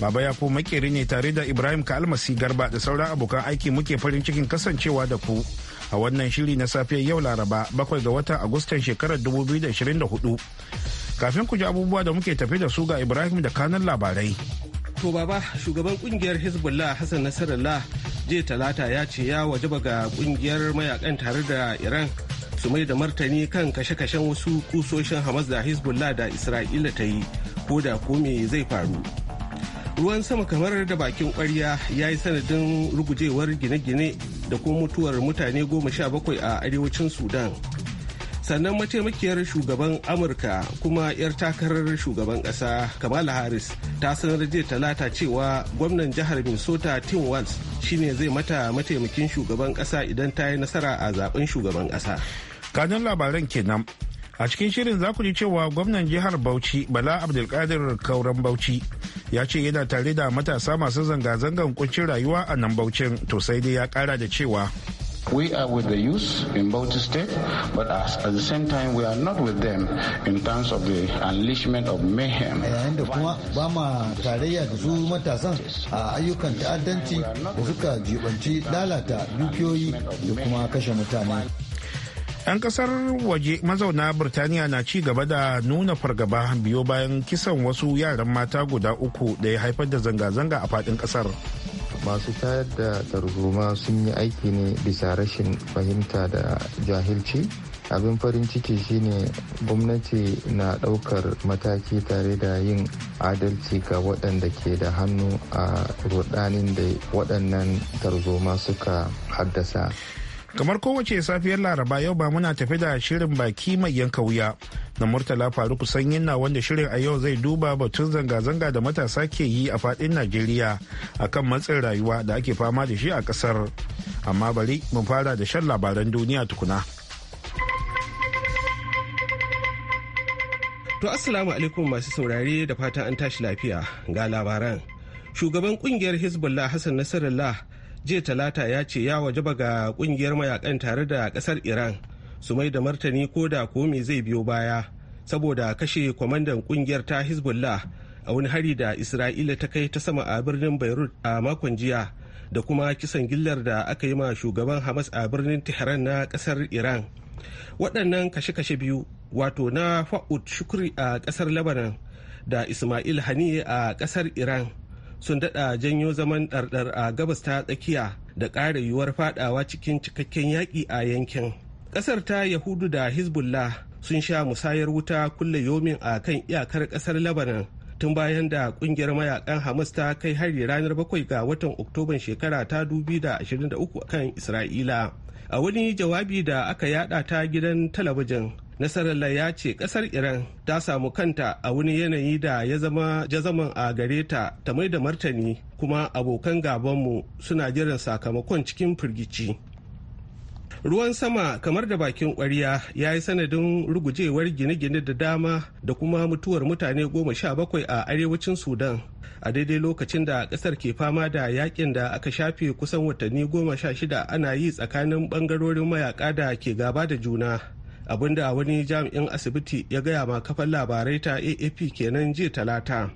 Baba ya fi makeri ne tare da Ibrahim Kalmasi Garba da sauran abokan aiki muke farin cikin kasancewa da ku a wannan shiri na safiyar yau Laraba bakwai ga watan Agustan shekarar 2024. Kafin ku ji abubuwa da muke tafi da su ga Ibrahim da kanan labarai. To baba shugaban kungiyar Hezbollah Hassan Nasarallah jiya talata ya ce ya wajaba ga kungiyar mayakan tare da Iran su mai da martani kan kashe-kashen wasu kusoshin Hamas da Hezbollah da Isra'ila ta yi ko da ko me zai faru. ruwan sama kamar da bakin kwarya ya yi sanadin rugujewar gine-gine da kuma mutuwar mutane goma sha bakwai a arewacin sudan sannan mataimakiyar shugaban amurka kuma 'yar takarar shugaban ƙasa kamala harris ta sanar jiya talata cewa gwamnan jihar minnesota tim walz shine zai mata mataimakin shugaban ƙasa idan ta yi nasara a zaben shugaban ƙasa kanin labaran kenan a cikin shirin za ku ji cewa gwamnan jihar bauchi bala abdulkadir kauran bauchi ya ce yana tare da matasa masu zanga-zangan kuncin rayuwa a nan baucin to sai dai ya kara da cewa We are with the youth in Bauchi State, but as, at the same time we are not with them in terms of the unleashment of mayhem. Yayin da kuma ba ma tarayya da su matasan a ayyukan ta'addanci da suka jibanci lalata dukiyoyi da kuma kashe mutane. 'Yan kasar waje mazauna Birtaniya na ci gaba da nuna fargaba biyo bayan kisan wasu yaran mata guda uku da ya haifar da zanga-zanga a fadin kasar. Masu tayar da tarzoma sun yi aiki ne bisa rashin fahimta da jahilci. Abin farin ciki shine gwamnati na daukar mataki tare da yin adalci ga waɗanda ke da hannu a rudanin da waɗannan tarzoma suka haddasa. kamar kowace safiyar laraba yau ba muna tafi da shirin baki mai yanka wuya na murtala faruk kusan na wanda shirin a yau zai duba batun zanga-zanga da matasa ke yi a fadin najeriya akan matsin rayuwa da ake fama da shi a kasar amma bari mu fara da shan labaran duniya tukuna to assalamu alaikum masu saurare da fata an tashi lafiya ga labaran shugaban kungiyar hezbollah hassan nasarallah jiya talata ya ce ya wajaba ga kungiyar mayakan tare da kasar iran su mai da martani ko da komi zai biyo baya saboda kashe kwamandan kungiyar ta hezbollah a wani hari da isra'ila ta kai ta sama a birnin beirut a makon jiya da kuma kisan gillar da aka yi ma shugaban hamas a birnin tehran na kasar iran waɗannan kashe-kashe biyu wato na fa'ud shukri a kasar lebanon da ismail haniye a kasar iran sun daɗa janyo zaman ɗarɗar a gabas ta tsakiya da ƙara yiwuwar faɗawa cikin cikakken yaƙi a yankin ƙasar ta yahudu da hezbollah sun sha musayar wuta kulle yomin a kan iyakar ƙasar lebanon tun bayan da ƙungiyar mayakan hamas ta kai hari ranar 7 ga watan oktoban shekara ta 2023 kan isra'ila a wani jawabi da aka yada ta gidan talabijin nasarar ya ce kasar Iran ta samu kanta a wani yanayi da ya zama jazaman a gare ta ta mai da martani kuma abokan gabanmu suna jiran sakamakon cikin firgici. Ruwan sama kamar da bakin kwarya ya yi sanadin rugujewar gine-gine da dama da kuma mutuwar mutane goma sha bakwai a arewacin Sudan a daidai lokacin da kasar ke fama da yakin da aka shafe kusan watanni goma sha shida ana yi tsakanin bangarorin mayaka da ke gaba da juna. abinda wani jami'in asibiti ya gaya ma kafan labarai ta AAP kenan jiya talata.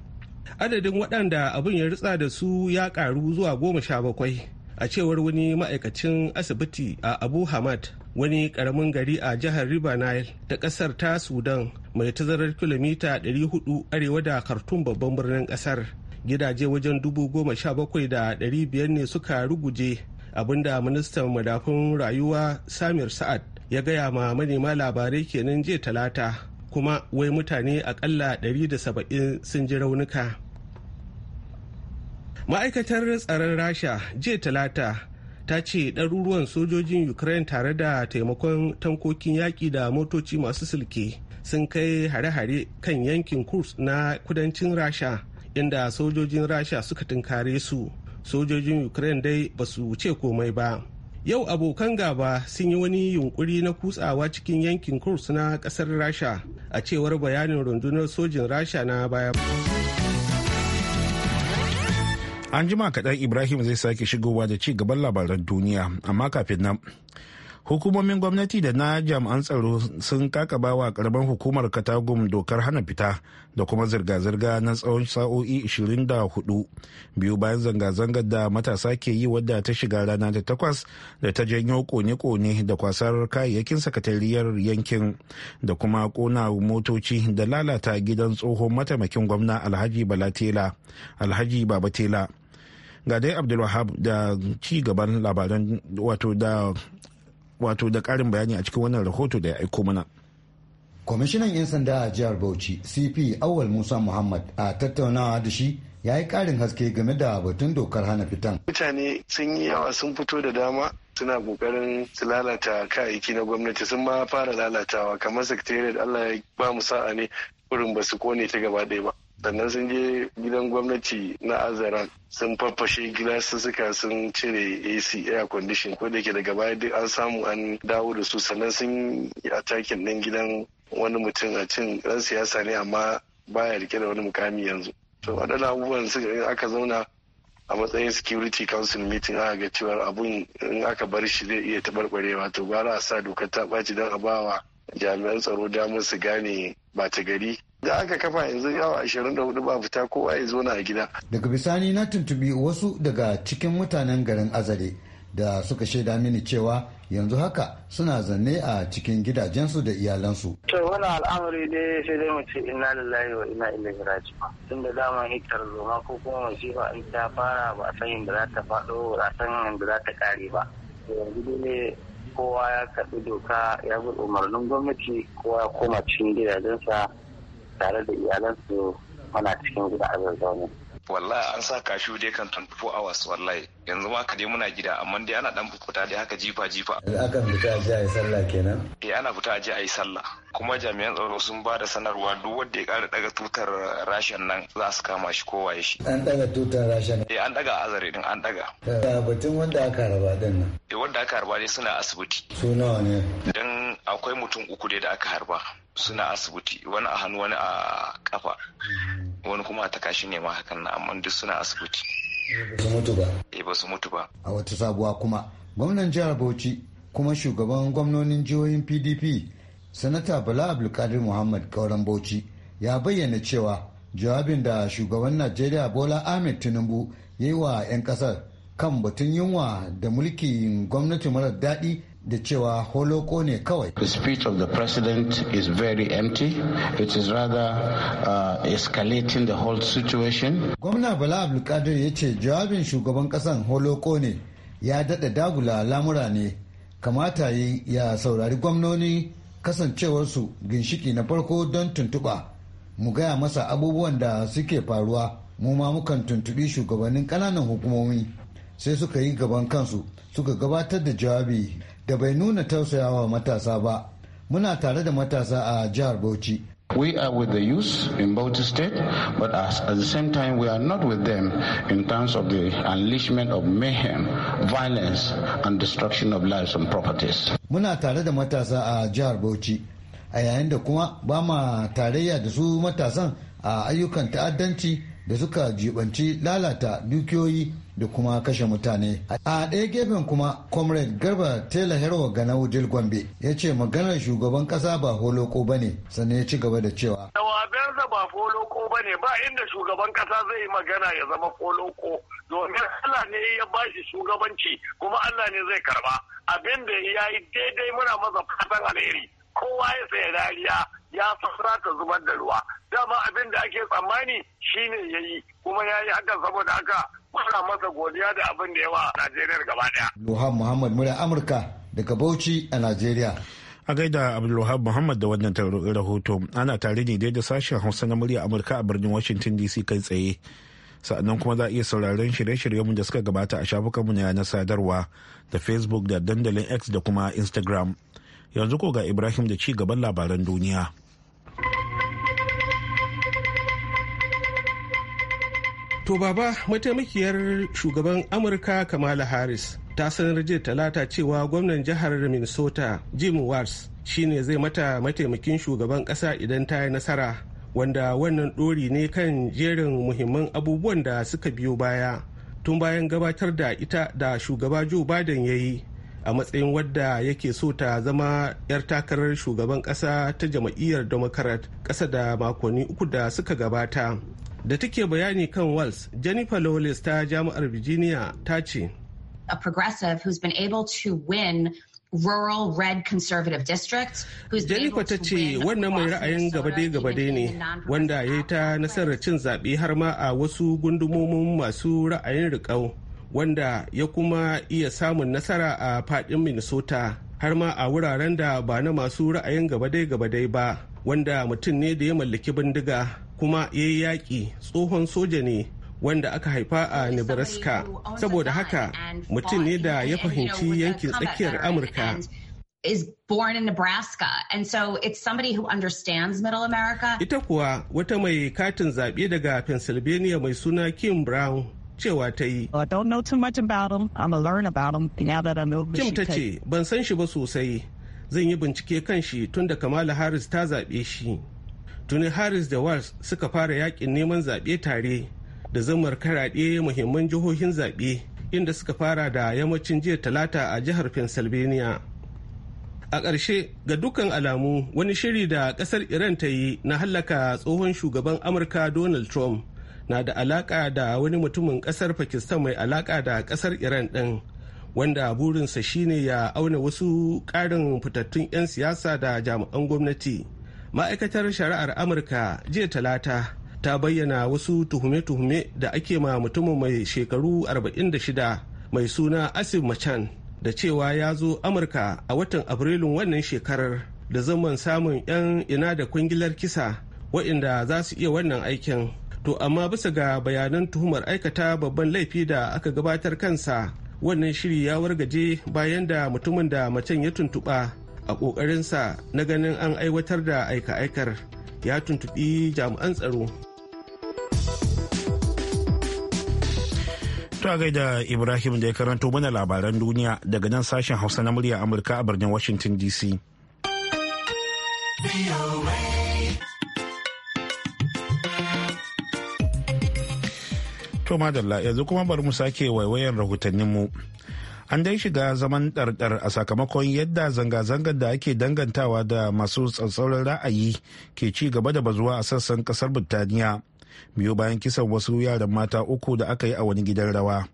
Adadin waɗanda abin ya ritsa da su ya ƙaru zuwa goma sha bakwai. a cewar wani ma'aikacin asibiti a abu hamad wani karamin gari a jihar river nile ta ƙasar ta sudan mai tazarar kilomita 400 arewa da khartoum babban birnin ƙasar gidaje wajen dubu goma sha bakwai da ɗari biyar ne suka ruguje abinda ministan madafun rayuwa samir sa'ad ya gaya ma manema labarai kenan jiya talata kuma wai mutane akalla 170 sun ji raunuka ma'aikatar tsaron rasha jiya talata ta ce ɗaruruwan sojojin ukraine tare da taimakon tankokin yaƙi da motoci masu silke sun kai hare-hare kan yankin kurs na kudancin rasha inda sojojin rasha suka tunkare su sojojin ukraine dai ba su ce komai ba yau abokan gaba sun yi wani yunkuri na kutsawa cikin yankin kurs na kasar rasha a cewar bayanin rundunar sojin rasha na baya an jima kaɗan ibrahim zai sake shigowa da ci gaban labaran duniya amma kafin nan hukumomin gwamnati da na jami'an tsaro sun kakaba wa karban hukumar katagum dokar hana fita da kuma zirga-zirga na tsawon sa'o'i 24 biyu bayan zanga-zangar da matasa ke yi wadda ta shiga rana ta takwas da ta janyo kone-kone da kwasar kayayyakin sakatariyar yankin da kuma kona motoci da lalata gidan tsohon mataimakin gwamna alhaji balatela alhaji babatela ga dai abdulwahab da ci gaban labaran wato da wato da karin bayani a cikin wannan rahoto da ya aiko mana. kwamishinan 'yan sanda a jihar bauchi cp awal musa muhammad a tattaunawa da shi ya yi karin haske game da batun dokar hana fitan mutane sun yi yawa sun fito da dama suna kokarin su lalata kayayyaki na gwamnati sun ma fara lalatawa kamar secretariat allah ya ba mu sa'a ne wurin ba su kone ta gaba ɗaya ba sannan sun je gidan gwamnati na azaran sun faffashe suka sun cire ac air condition ko da ke daga baya duk an samu an dawo da su sannan sun yi atakin ɗin gidan wani mutum a cin ɗan siyasa ne amma baya rike da wani mukami yanzu to waɗannan abubuwan suka aka zauna a matsayin security council meeting aka ga cewa abun in aka bar shi zai iya tabarbarewa to gwara a sa dokar ta ɓaci don a bawa jami'an tsaro damar su gane ta gari da aka kafa yanzu yawa hudu ba fita kowa ya zo na gida daga bisani na tuntubi wasu daga cikin mutanen garin azare da suka shaida mini cewa yanzu haka suna zanne a cikin gidajensu da iyalansu. To wani al'amari ne sai dai mu ce inna lillahi wa inna ilaihi raji'un. Tun da dama hitar zoma ko kuma masifa in ta fara ba a san yadda za ta faɗo ba a san yadda za ta ƙare ba. Yanzu dole kowa ya karɓi doka ya bi umarnin gwamnati kowa ya koma cikin gidajensa tare da iyalansu muna cikin gida a zazzaune. wallahi an sa kashu dai kan 24 hours wallahi yanzu ma ka dai muna gida amma dai ana dan fukuta dai haka jifa jifa akan fita a jiya a yi sallah kenan eh ana fita a ji a yi sallah kuma jami'an tsaro sun ba da sanarwa duk wanda ya kara daga tutar rashin nan za su kama shi kowa ya shi an daga tutar rashin eh an daga azare din an daga batun wanda aka raba din nan eh wanda aka raba dai suna asibiti su nawa ne dan akwai mutum uku dai da aka harba suna asibiti wani a hannu wani a kafa wani kuma a takashi ne ma hakan na amma duk suna asibiti eh, ba mutu ba eh, ba su mutu ba a wata sabuwa kuma gwamnan jihar bauchi kuma shugaban gwamnonin jihohin pdp sanata bala abdulkadir muhammad kauran bauchi ya bayyana cewa jawabin da shugaban najeriya bola ahmed tinubu ya yi wa 'yan kasar kan batun yunwa da mulkin gwamnati marar daɗi da cewa holoko ne kawai. The speech of the president is very empty. It is rather uh, escalating the whole situation. Gwamna Bala Abdulkadir ya ce jawabin shugaban kasan holoko ne ya daɗa dagula lamura ne kamata yi ya saurari gwamnoni kasancewarsu ginshiki na farko don tuntuɓa mu gaya masa abubuwan da suke faruwa mu ma mukan tuntuɓi shugabannin ƙananan hukumomi sai suka yi gaban kansu suka gabatar da jawabi da bai nuna tausayawa matasa ba muna tare da matasa a jihar bauchi We are with the youth in Bauchi State, but as, at the same time, we are not with them in terms of the unleashment of mayhem, violence, and destruction of lives and properties. Muna tare da matasa a jihar Bauchi, a yayin da kuma ba ma tarayya da su matasan a ayyukan ta'addanci da suka jibanci lalata dukiyoyi da kuma kashe mutane a ɗaya gefen kuma comrade garba tela herwa na dil gombe ya ce maganar shugaban ƙasa ba holoko ba ne sannan ya ci gaba da cewa jawabansa ba foloko ba ne ba inda shugaban ƙasa zai yi magana ya zama foloko domin Allah ne ya ba shi shugabanci kuma Allah ne zai karba abin da ya yi daidai muna masa fatan alheri kowa ya saya dariya ya fasara ta zubar da ruwa dama abin da ake tsammani shine ya yi kuma ya yi hakan saboda haka Ana masa godiya da abin da yawa a Najeriya gaba daya. Luhan Muhammad murya Amurka daga Bauchi a Najeriya. A gaida Abdulwahab Muhammad da wannan rahoto ana tare ne dai da sashen Hausa na murya Amurka a birnin Washington DC kai tsaye. sa'annan kuma za a iya sauraron shirye-shiryenmu da suka gabata a shafukanmu na yanar sadarwa da facebook da dandalin x da kuma instagram yanzu ko ga ibrahim da ci gaban labaran duniya. To baba mataimakiyar shugaban Amurka Kamala Harris ta sanar jiya talata cewa gwamnan jihar Minnesota Jim Wars shine zai mata mataimakin shugaban kasa idan ta yi nasara wanda wannan ɗori ne kan jerin muhimman abubuwan da suka biyo baya tun bayan gabatar da ita da shugaba Joe Biden ya yi a matsayin wadda yake so ta zama 'yar takarar shugaban kasa ta jam'iyyar Democrat ƙasa da makonni uku da suka gabata. da take bayani kan Wales, jennifer lawless ta jami'ar virginia ta ce a progressive who's been able to win rural red conservative districts who's Jennifer ta ce wannan mai ra'ayin gabade-gabade ne wanda ya ta nasarar cin zaɓe har ma a wasu gundumomin masu ra'ayin riƙau wanda ya kuma iya samun nasara a fadin Minnesota har ma a wuraren da ba na masu ra'ayin gaba gaba dai ba. wanda mutum ne da ya mallaki bindiga kuma ya yi yaƙi tsohon soja ne wanda aka haifa a nebraska saboda haka mutum ne da ya fahimci yankin tsakiyar amurka is born in And so it's somebody who understands middle Ita kuwa wata mai katin zaɓe daga Pennsylvania mai suna Kim Brown cewa ta yi. I don't Kim ta ce, ban san shi ba sosai. zan yi bincike kan shi tun da kamala harris ta zaɓe shi tuni harris da wals suka fara yakin neman zaɓe tare da zamar karaɗe muhimman jihohin zaɓe inda suka fara da yammacin jiya talata a jihar pennsylvania a ƙarshe ga dukkan alamu wani shiri da ƙasar iran ta yi na hallaka tsohon shugaban amurka donald trump na da alaƙa da wani mutumin ƙasar pakistan mai alaƙa da ƙasar iran ɗin wanda burinsa shine ya auna wasu karin fitattun 'yan siyasa da jami'an gwamnati ma'aikatar shari'ar amurka jiya talata ta bayyana wasu tuhume-tuhume da ake ma mutumin mai shekaru 46 mai suna asif machan da cewa ya zo amurka a watan abrilun wannan shekarar da zaman samun 'yan ina da kwangilar kisa waɗanda za su iya wannan aikin to amma bisa ga bayanan tuhumar aikata babban laifi da aka gabatar kansa wannan shiri ya wargaje bayan da mutumin da macen ya tuntuɓa a ƙoƙarinsa na ganin an aiwatar da aika-aikar ya tuntuɓi jami'an tsaro ta gaida ibrahim da ya karanto mana labaran duniya daga nan sashen hausa na murya amurka a birnin washington dc To madalla yanzu kuma bari mu sake waiwayan rahotannin mu An dai shiga zaman ɗarɗar a sakamakon yadda zanga-zangar da ake dangantawa da masu tsatsauran ra'ayi ke ci gaba da bazuwa a sassan ƙasar Birtaniya. Biyu bayan kisan wasu yaran mata uku da aka yi a wani gidan rawa.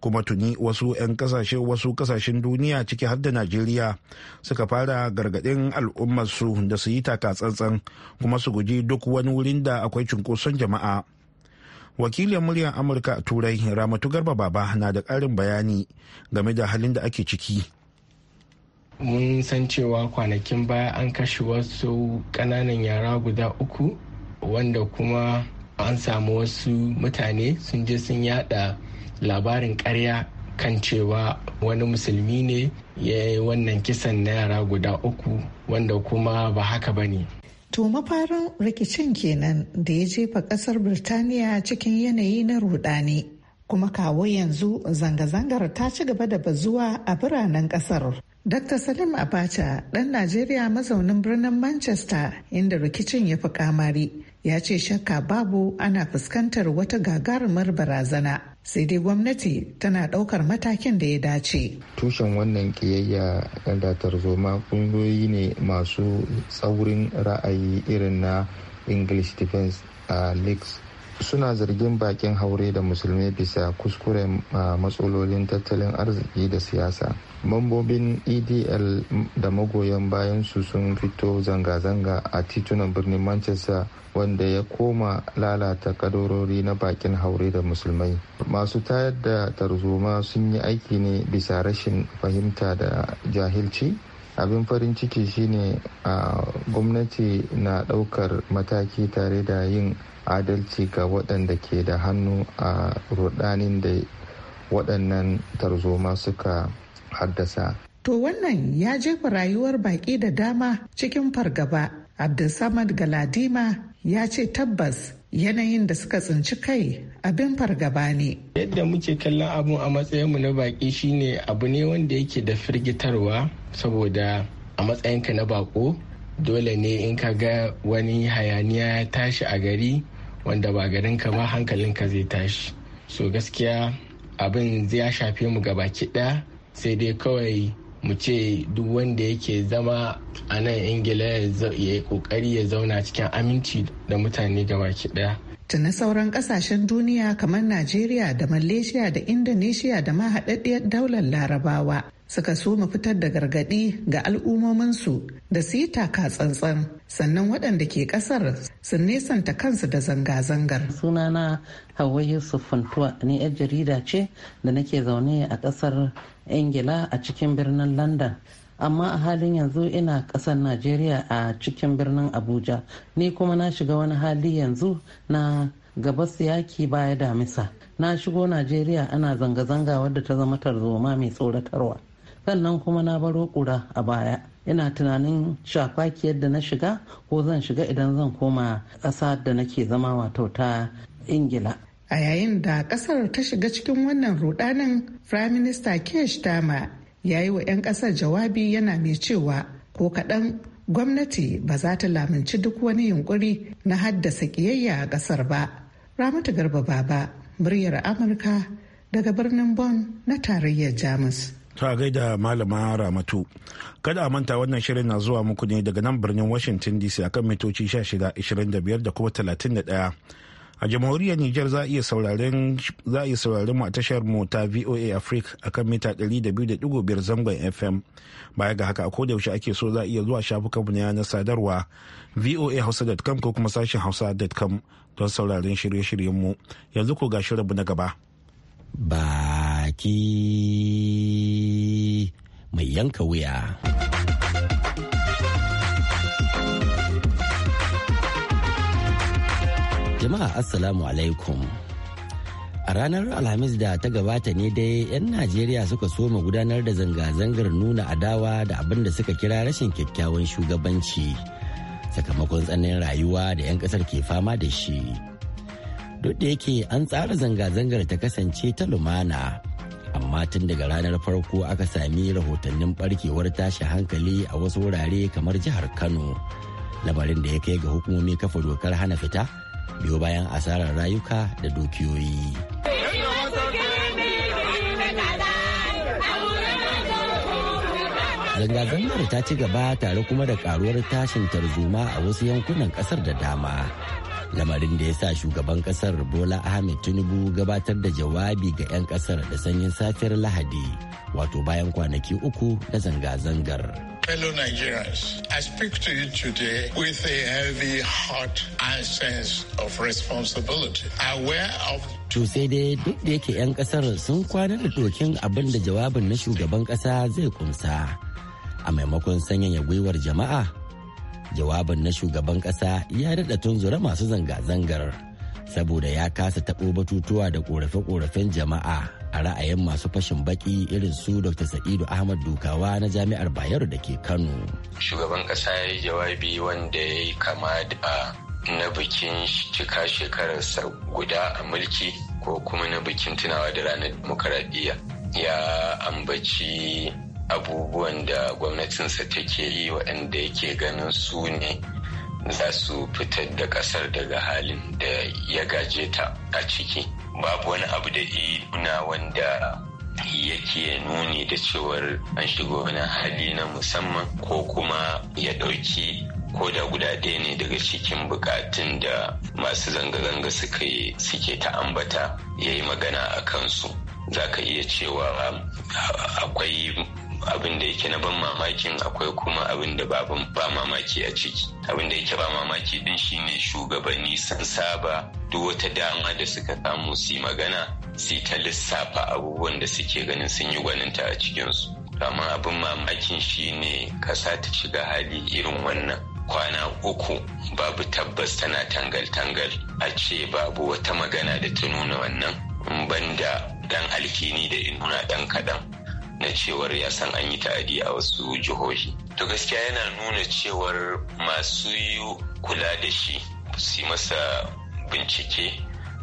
kuma tuni wasu 'yan kasashe wasu kasashen duniya ciki har da najeriya suka fara gargaɗin al'ummarsu da su yi taka tsantsan kuma su guji duk wani wurin da akwai cunkoson jama'a wakilin muryar amurka a turai ramatu garba baba na da ƙarin bayani game da halin da ake ciki mun san cewa kwanakin baya an kashe wasu ƙananan yara guda uku wanda kuma an samu wasu mutane sun je sun yada labarin karya kan cewa wani musulmi ne ya yi wannan kisan na yara guda uku wanda kuma ba haka ba ne To mafarin rikicin kenan da ya jefa kasar Birtaniya cikin yanayi na rudani. Kuma kawo yanzu zanga-zangar ta ci gaba da bazuwa a biranen kasar Dr. Salim Abacha, ɗan Najeriya mazaunin birnin Manchester inda rikicin ya fi kamari, ya ce shakka babu ana fuskantar wata gagarumar barazana. Sai dai gwamnati tana ɗaukar matakin da ya dace. Tushen wannan ƙiyayya da tarzoma ƙungiyoyi ne masu tsaurin ra'ayi irin na English Defense uh, Leagues suna zargin bakin haure da musulmi bisa kuskure a matsalolin tattalin arziki da siyasa mambobin edl da magoyan bayan su sun fito zanga-zanga a titunan birnin manchester wanda ya koma lalata kadorori na bakin haure da musulmai masu tayar da tarzoma sun yi aiki ne bisa rashin fahimta da jahilci abin farin ciki shine a gwamnati na daukar mataki tare da yin adalci ga waɗanda ke da hannu a rudanin da waɗannan tarzoma suka haddasa. To wannan ya jefa rayuwar baƙi da dama cikin fargaba. Abdulsamad Galadima ya ce tabbas yanayin da suka tsinci kai abin fargaba ne. Yadda muke kallon abu a matsayinmu na baƙi shine abu ne wanda yake da firgitarwa saboda a matsayinka na baƙo dole ne in ka ga wani hayaniya ya tashi a gari wanda ba garin ka ba hankalin ka zai tashi so gaskiya abin zai shafe mu baki ɗaya sai dai kawai mu ce duk wanda yake zama a nan ingila ya kokari ya zauna cikin aminci da mutane baki ɗaya tuni sauran kasashen duniya kamar najeriya da malaysia da indonesia da ma daular larabawa suka so mu fitar da gargaɗi ga al'ummominsu da su yi taka tsantsan sannan waɗanda ke ƙasar su nesanta kansu da zanga-zangar. sunana hawa yusuf funtuwa ne yar jarida ce da nake zaune a ƙasar ingila a cikin birnin london amma a halin yanzu ina ƙasar najeriya a cikin birnin abuja ni kuma na shiga wani hali yanzu na gabas yaki baya damisa na shigo najeriya ana zanga-zanga wadda ta zama tarzoma mai tsoratarwa sannan kuma na baro kura a baya ina tunanin shafaki yadda na shiga ko zan shiga idan zan koma ƙasa da nake zama wato ta ingila a yayin da ƙasar ta shiga cikin wannan rudanin prime minister kesh starmer ya yi wa 'yan ƙasar jawabi yana mai cewa ko kaɗan gwamnati ba za ta lamunci duk wani yunkuri na haddasa ƙiyayya a ƙasar ba ramatu garba baba muryar amurka daga birnin Bon na tarayyar jamus ta gaida malama ramatu kada a manta wannan shirin na zuwa muku ne daga nan birnin washington dc akan mitoci 1625 da kuma 31 a jamhuriyar Nijar za a iya sauraren mu a tashar mu ta VOA Africa akan mita 200.5 zangon FM. Baya ga haka ko da yaushe ake so za a iya zuwa shafukan mu na yanar sadarwa voahausa.com ko kuma sashen hausa.com don sauraren shirye-shiryen mu. Yanzu ko ga shirin na gaba. Ba jaki mai yanka wuya. Jama'a Assalamu alaikum. A ranar Alhamis da ta gabata ne dai 'yan Najeriya suka soma gudanar da zanga-zangar nuna adawa da abin da suka kira rashin kyakkyawan shugabanci sakamakon tsananin rayuwa da 'yan kasar ke fama da shi. Duk da yake an tsara zanga-zangar ta kasance ta lumana amma tun daga ranar farko aka sami rahotannin barkewar tashi hankali a wasu wurare kamar jihar kano lamarin da ya kai ga hukumomi kafa dokar hana fita biyo bayan asarar rayuka da dukiyoyi zanga-zangar ta ci gaba tare kuma da karuwar tashin tarzoma a wasu yankunan kasar da dama lamarin da ya sa shugaban kasar bola ahmed tinubu gabatar da jawabi ga 'yan kasar da sanyin safiyar lahadi wato bayan kwanaki uku na zanga-zangar Fellow Nigerians, I speak to you today with a heavy heart and sense of responsibility, aware of To sai dai duk da yake 'yan kasar sun kwana da dokin abin da jawabin na shugaban kasa zai kunsa, A maimakon sanyaya gwiwar jama'a, jawabin na shugaban ƙasa ya daɗa tunzura masu zanga-zangar saboda ya kasa taɓo batutuwa da ƙorafe-ƙorafen jama'a a ra'ayin masu fashin baƙi irin su dr sa'idu ahmad dukawa na jami'ar bayero da ke kano shugaban ƙasa ya yi jawabi wanda ya yi kama da na bikin cika shekararsa guda a mulki ko kuma na bikin tunawa da ranar demokaradiyya ya ambaci abubuwan da gwamnatinsa take yi waɗanda yake ganin su ne za su fitar da ƙasar daga halin da ya gaje ta a ciki babu wani abu da na wanda yake nuni da cewar an shigo wani hali na musamman ko kuma ya ɗauki ko da guda ɗaya ne daga cikin bukatun da masu zanga-zanga suke ta ambata ya yi magana a kansu za ka iya cewa um, akwai abin da yake na ban mamakin akwai kuma abin da ba mamaki a ciki abin da yake ba mamaki din shine shugabanni sun saba duk wata dama da suka samu su magana su ta lissafa abubuwan da suke ganin sun yi gwaninta a cikinsu amma abin mamakin shine kasa ta shiga hali irin wannan kwana uku babu tabbas tana tangal-tangal a ce babu wata magana da ta nuna wannan banda dan alkini da inuna dan kaɗan na cewar ya san an yi ta'adi a wasu jihohi to gaskiya yana nuna cewar masu yi kula da shi su masa bincike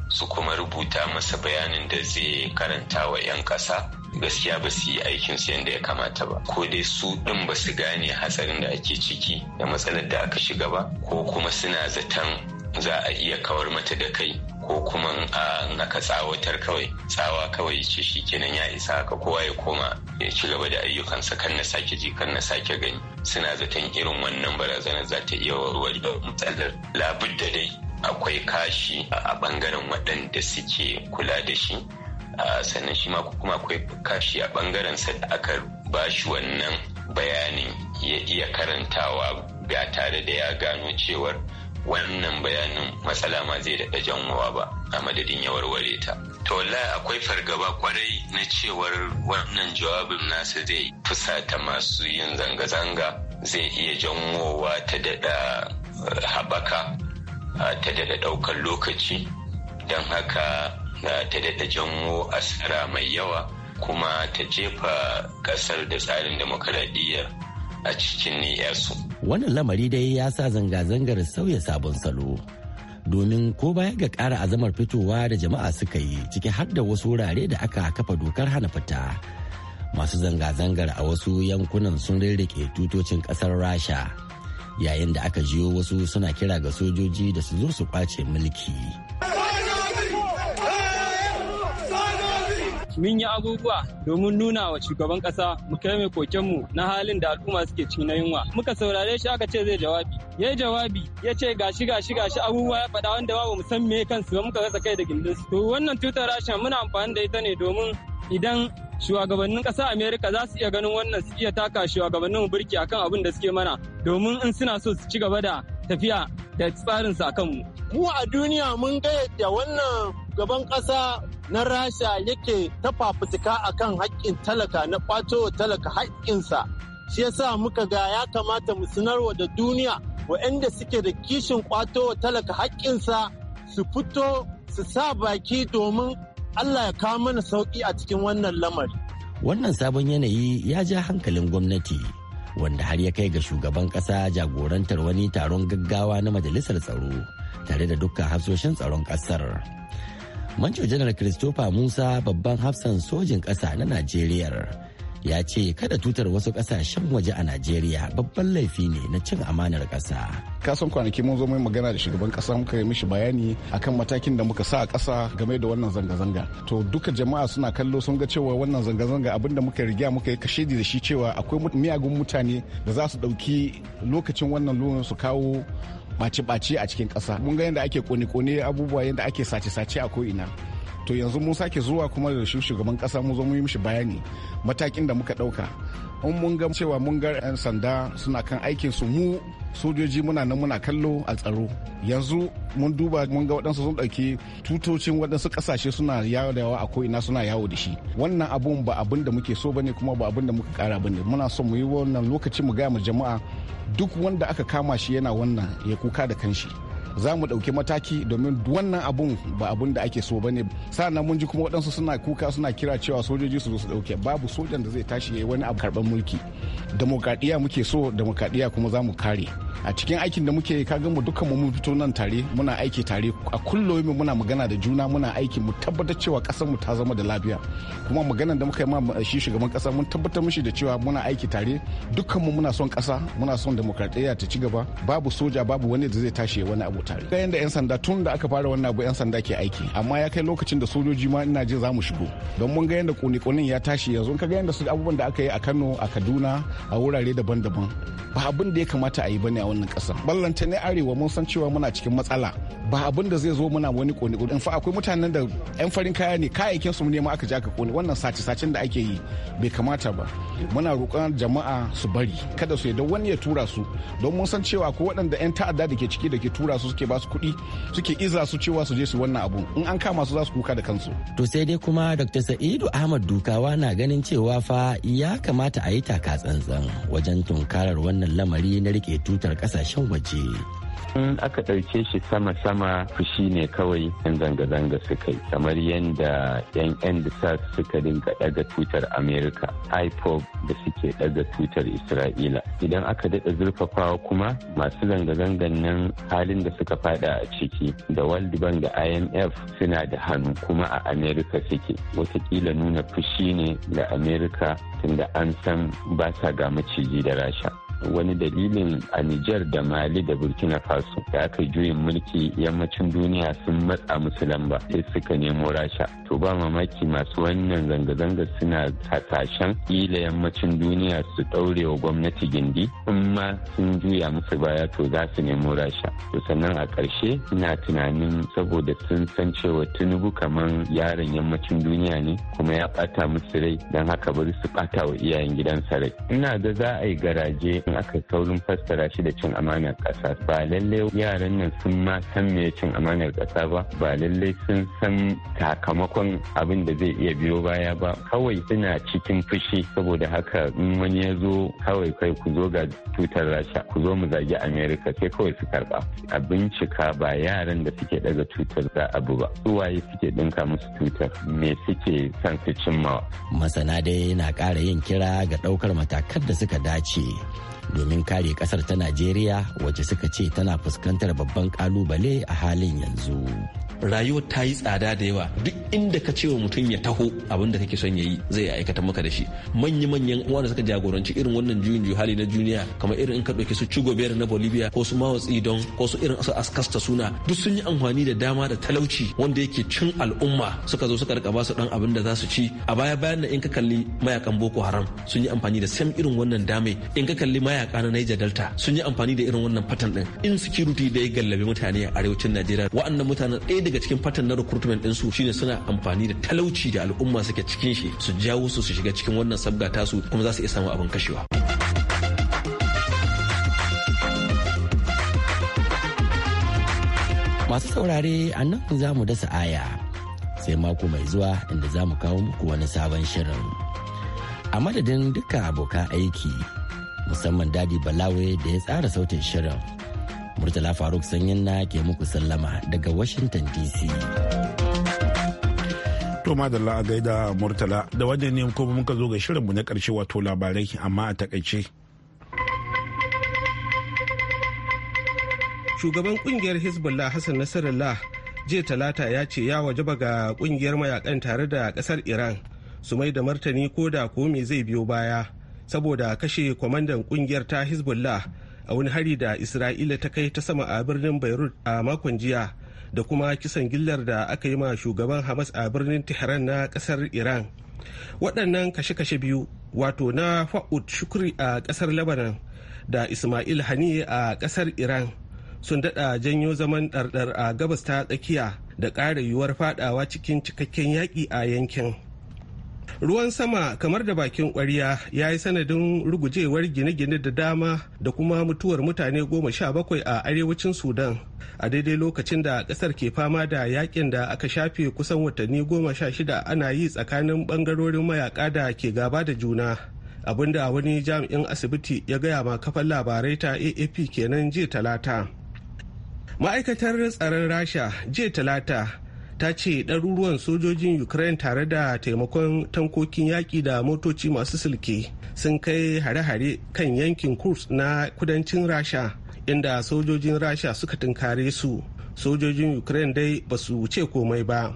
su kuma rubuta masa bayanin da zai karanta wa 'yan ƙasa gaskiya ba su yi aikinsu yadda ya kamata ba ko dai su ɗin ba su gane hatsarin da ake ciki da matsalar da aka shiga ba ko kuma suna zaton za a iya kawar mata da kai ko kuma a aka tsawatar kawai tsawa kawai ce shi kenan ya isa ka kowa ya koma ya ci gaba da ayyukansa kan na sake ji kan na sake gani suna zaton irin wannan barazanar za ta iya warware matsalar labudda dai akwai kashi a bangaren waɗanda suke kula da shi sannan shi ma kuma akwai kashi a bangaren sa da aka ba shi wannan bayanin ya iya karantawa ba tare da ya gano cewar wannan bayanin matsala ma zai daɗa janwa ba a madadin ya warware ta. To wallahi akwai fargaba kwarai na cewar wannan jawabin nasa zai fusata masu yin zanga-zanga zai iya janwowa ta daɗa eh, haɓaka ta daɗa ɗaukar lokaci don haka ta daɗa janwo asara mai yawa kuma ta jefa ƙasar da tsarin demokaradiyyar a cikin niyyarsu. Wannan lamari dai ya sa zanga-zangar sauya sabon salo. Domin ko baya ga ƙara azamar fitowa da jama'a suka yi ciki har da wasu wurare da aka kafa dokar hana fita. Masu zanga-zangar a wasu yankunan sun rirrike tutocin ƙasar Rasha yayin da aka jiyo wasu suna kira ga sojoji da su zo su kwace mulki. mun yi abubuwa domin nuna wa shugaban kasa mu kai mai kokenmu na halin da al'umma suke ciki na yunwa muka saurare shi aka ce zai jawabi yayi jawabi ya ce gashi gashi gashi abubuwa ya faɗa wanda babu musamman san me kansu ba muka rasa kai da gindin su to wannan tutar rasha muna amfani da ita ne domin idan shugabannin ƙasa amerika za su iya ganin wannan su iya taka shugabannin burki akan abin da suke mana domin in suna so su ci gaba da tafiya da su a kanmu. mu a duniya mun ga yadda wannan gaban ƙasa na rasha yake ta fafutuka kan haƙƙin talaka na ƙwato talaka haƙƙinsa shi yasa muka ga ya kamata mu sanarwa da duniya waɗanda suke da kishin ƙwato talaka haƙƙinsa su fito su sa baki domin allah ya kawo mana sauƙi a cikin wannan lamari wannan sabon yanayi ya ja hankalin gwamnati wanda har ya kai ga shugaban ƙasa jagorantar wani taron gaggawa na majalisar tsaro tare da dukkan hasoshin tsaron ƙasar. manjo janar christopher musa babban hafsan sojin kasa na najeriya ya ce kada tutar wasu ƙasashen waje a najeriya babban laifi ne na cin amanar ƙasa kasan kwanaki mun zo mai magana da shugaban ƙasa muka yi mishi bayani akan matakin da muka sa a kasa game da wannan zanga-zanga to duka jama'a suna kallo sun ga cewa wannan zanga-zanga abin da muka riga muka yi kashedi da shi cewa akwai miyagun mutane da za su ɗauki lokacin wannan lunan su kawo ɓaci-ɓaci a cikin ƙasa mun ga yadda ake kone-kone abubuwa yadda ake sace-sace a ko'ina to yanzu mun sake zuwa kuma da shugaban kasa mu zo mu yi mishi bayani matakin da muka dauka in mun ga cewa mun ga 'yan sanda suna kan aikin su mu sojoji muna nan muna kallo a tsaro yanzu mun duba mun ga waɗansu sun ɗauki tutocin waɗansu ƙasashe suna yawo da yawa a ko'ina suna yawo da shi wannan abun ba abin da muke so bane kuma ba abin da muka ƙara bane muna so mu yi wannan lokaci mu gaya mu jama'a duk wanda aka kama shi yana wannan ya kuka da kanshi za mu ɗauki mataki domin wannan abun ba abun da ake so ba ne sa'an mun ji kuma waɗansu suna kuka suna kira cewa sojoji su zo su ɗauke babu sojan da zai tashi ya yi wani abu karɓar mulki demokradiyya muke so demokradiyya kuma za mu kare a cikin aikin da muke kaga mu dukkan mu mun fito nan tare muna aiki tare a kullum muna magana da juna muna aiki mu tabbatar cewa kasar mu ta zama da lafiya kuma magana da muka yi ma shi shugaban kasa mun tabbatar mushi da cewa muna aiki tare dukkan mu muna son kasa muna son demokradiyya ta ci gaba babu soja babu wani da zai tashi wani abu tare ga yanda yan sanda tun da aka fara wannan abu yan sanda ke aiki amma ya kai lokacin da sojoji ma ina jin za mu shigo don mun ga yanda kunikunin ya tashi yanzu ka ga yanda su abubuwan da aka yi a Kano a Kaduna a wurare daban-daban ba abin da ya kamata a yi bane wannan ƙasa ballanta ne arewa mun san cewa muna cikin matsala ba abin da zai zo muna wani kone in fa akwai mutanen da yan farin kaya ne kayayyakin su ne ma aka ja ka kone wannan sace sacen da ake yi bai kamata ba muna roƙon jama'a su bari kada su yadda wani ya tura su don mun san cewa ko waɗanda yan ta'adda da ke ciki da ke tura su suke ba su kuɗi suke iza su cewa su je su wannan abu in an kama su za su kuka da kansu to sai dai kuma dr sa'idu ahmad dukawa na ganin cewa fa ya kamata a yi taka tsantsan wajen tunkarar wannan lamari na rike tutar kasashen waje. in aka ɗauke shi sama-sama fushi ne kawai yan zanga-zanga suka yi kamar yadda yan yan da suka dinga ɗaga tutar amerika ipob da suke ɗaga tutar isra'ila idan aka daɗa zurfafawa kuma masu zanga-zangan nan halin da suka fada a ciki da world bank da imf suna da hannu kuma a amerika suke watakila nuna fushi ne da amerika tunda an san ba sa ga maciji da rasha wani dalilin a Nijar da Mali da Burkina Faso da aka juyin mulki yammacin duniya sun matsa musu ba, sai suka nemo Rasha. To ba mamaki masu wannan zanga-zanga suna hasashen ila yammacin duniya su ɗaure wa gwamnati gindi in ma sun juya musu baya to za su nemo Rasha. To sannan a ƙarshe ina tunanin saboda sun san cewa Tinubu kamar yaron yammacin duniya ne kuma ya ɓata musu rai don haka bari su ɓata wa iyayen gidansa rai. Ina ga za a yi garaje in aka saurin fassara shi da cin amanar ƙasa ba lallai yaran nan sun ma san me cin amanar ƙasa ba ba lallai sun san sakamakon abin da zai iya biyo baya ba kawai suna cikin fushi saboda haka in wani ya zo kawai kai ku zo ga tutar rasha ku zo mu zagi america sai kawai su karba a bincika ba yaran da suke daga tutar za abu ba su waye suke dinka musu tutar me suke son su cimmawa masana dai na ƙara yin kira ga ɗaukar matakan da suka dace domin kare kasar ta najeriya wacce suka ce tana fuskantar babban kalubale a halin yanzu rayuwar ta yi tsada da yawa duk inda ka cewa mutum ya taho abin da kake son ya yi zai aikata maka da shi manya-manyan wanda suka jagoranci irin wannan juyin hali na duniya kamar irin in ka ɗauki su bear na Bolivia ko su Mao Zedong ko su irin su Askasta suna duk sun yi amfani da dama da talauci wanda yake cin al'umma suka zo suka rika ba su dan abin da za su ci a baya bayan na in ka kalli mayakan Boko Haram sun yi amfani da sam irin wannan dame in ka kalli mayaka na Niger Delta sun yi amfani da irin wannan fatan din insecurity da ya gallabe mutane a arewacin Najeriya wa'annan mutanen ɗaya daga cikin fatan na recruitment ɗinsu shine suna amfani da talauci da al'umma suke cikin shi su jawo su su shiga cikin wannan sabga tasu kuma za su iya samu abin kashewa. Masu saurare a nan za mu dasa aya sai mako mai zuwa inda za mu kawo muku wani sabon shirin. A madadin duka abokan aiki musamman Dadi Balawe da ya tsara sautin shirin. Murtala Faruk sanyin na ke muku sallama daga Washington DC. To madalla a gaida Murtala da wannan ne kuma muka zo ga shirinmu na ƙarshe wato labarai amma a takaice. Shugaban kungiyar Hezbollah Hassan Nasarallah jiya talata ya ce ya wajaba ga kungiyar mayakan tare da kasar Iran su mai da martani ko da ko me zai biyo baya saboda kashe kwamandan kungiyar ta Hezbollah a wani hari da isra'ila ta kai ta sama a birnin beirut a makon jiya da kuma kisan gillar da aka yi ma shugaban hamas a birnin tehran na kasar iran waɗannan kashe-kashe biyu wato na fa'ud shukri a kasar lebanon da ismail hani a kasar iran sun daɗa janyo zaman ɗarɗar a gabas ta tsakiya da ƙara yiwuwar faɗawa cikin cikakken yaƙi a yankin ruwan sama kamar da bakin kwarya ya yi sanadin rugujewar gine-gine da dama da kuma mutuwar mutane goma sha bakwai a arewacin sudan a daidai lokacin da kasar ke fama da yakin da aka shafe kusan watanni goma sha shida ana yi tsakanin bangarorin mayaka da ke gaba da juna abinda wani jami'in asibiti ya gaya ma kafan labarai ta aap kenan jiya talata ma'aikatar tsaron rasha jiya talata ta ce ɗaruruwan sojojin ukraine tare da taimakon tankokin yaƙi da motoci masu silke sun kai hare-hare kan yankin kurs na kudancin rasha inda sojojin rasha suka tunkare su sojojin ukraine dai ba su ce komai ba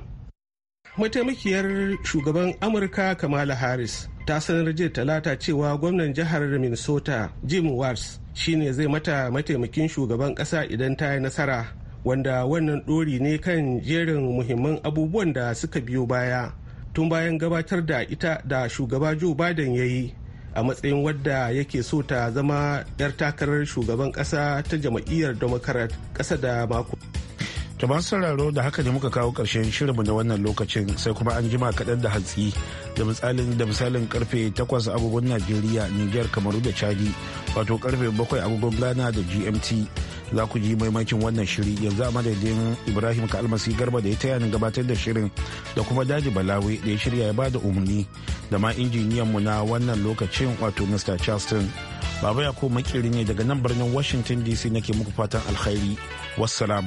mataimakiyar shugaban amurka kamala harris ta sanar jiya talata cewa gwamnan jihar minnesota jim wars shine zai mata mataimakin shugaban kasa idan ta yi nasara wanda wannan ɗori ne kan jerin muhimman abubuwan da suka biyo baya tun bayan gabatar da ita da shugaba joe biden ya yi a matsayin wadda yake so ta zama 'yar takarar shugaban ƙasa ta jam'iyyar democrat ƙasa da mako To masu sauraro da haka ne muka kawo ƙarshen shirinmu na wannan lokacin sai kuma an jima kaɗan da hatsi da misalin da misalin karfe 8 agogon Najeriya, niger Kamaru da Chadi wato karfe 7 agogon Ghana da GMT za ku ji maimakin wannan shiri yanzu a madadin Ibrahim Kalmasi Garba da ya taya ni gabatar da shirin da kuma Daji Balawe da ya shirya ya bada umarni da ma injiniyan mu na wannan lokacin wato Mr. Charleston. Baba ya ko makiri ne daga nan birnin Washington DC nake muku fatan alkhairi. Wassalam.